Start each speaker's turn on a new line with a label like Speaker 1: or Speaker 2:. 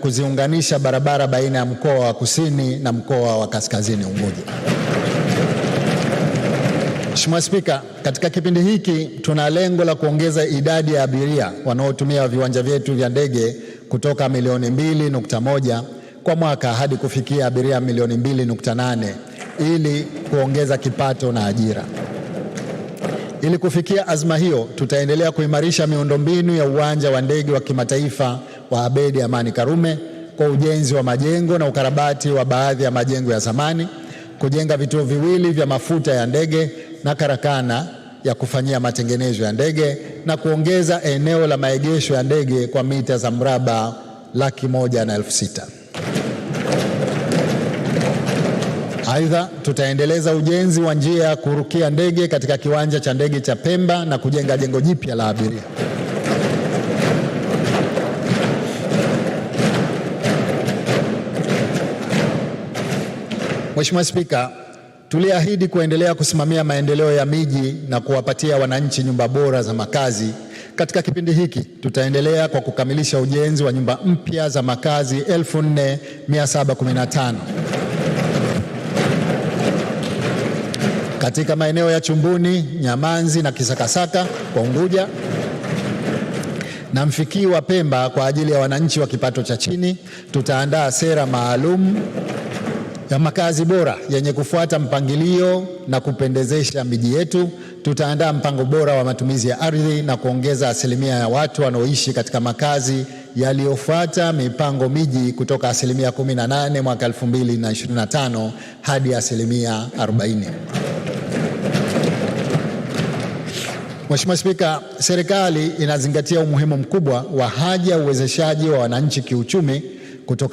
Speaker 1: kuziunganisha barabara baina ya mkoa wa Kusini na mkoa wa Kaskazini Unguja. Mheshimiwa Spika, katika kipindi hiki tuna lengo la kuongeza idadi ya abiria wanaotumia viwanja vyetu vya ndege kutoka milioni 2.1 kwa mwaka hadi kufikia abiria milioni 2.8 ili kuongeza kipato na ajira. Ili kufikia azma hiyo, tutaendelea kuimarisha miundombinu ya uwanja wa ndege wa kimataifa wa abedi Amani Karume kwa ujenzi wa majengo na ukarabati wa baadhi ya majengo ya zamani, kujenga vituo viwili vya mafuta ya ndege na karakana ya kufanyia matengenezo ya ndege na kuongeza eneo la maegesho ya ndege kwa mita za mraba laki moja na elfu sita. Aidha, tutaendeleza ujenzi wa njia ya kurukia ndege katika kiwanja cha ndege cha Pemba na kujenga jengo jipya la abiria.
Speaker 2: Mheshimiwa Spika, tuliahidi kuendelea kusimamia maendeleo ya miji na kuwapatia wananchi nyumba bora za makazi. Katika kipindi hiki tutaendelea kwa kukamilisha ujenzi wa nyumba mpya za makazi 4715 katika maeneo ya Chumbuni, Nyamanzi na Kisakasaka kwa Unguja na Mfikii wa Pemba kwa ajili ya wananchi wa kipato cha chini. Tutaandaa sera maalum ya makazi bora yenye kufuata mpangilio na kupendezesha miji yetu. Tutaandaa mpango bora wa matumizi ya ardhi na kuongeza asilimia ya watu wanaoishi katika makazi yaliyofuata mipango miji kutoka asilimia 18 mwaka 2025 hadi asilimia 40. Mheshimiwa Spika, serikali inazingatia umuhimu mkubwa wa haja ya uwezeshaji wa wananchi kiuchumi kutoka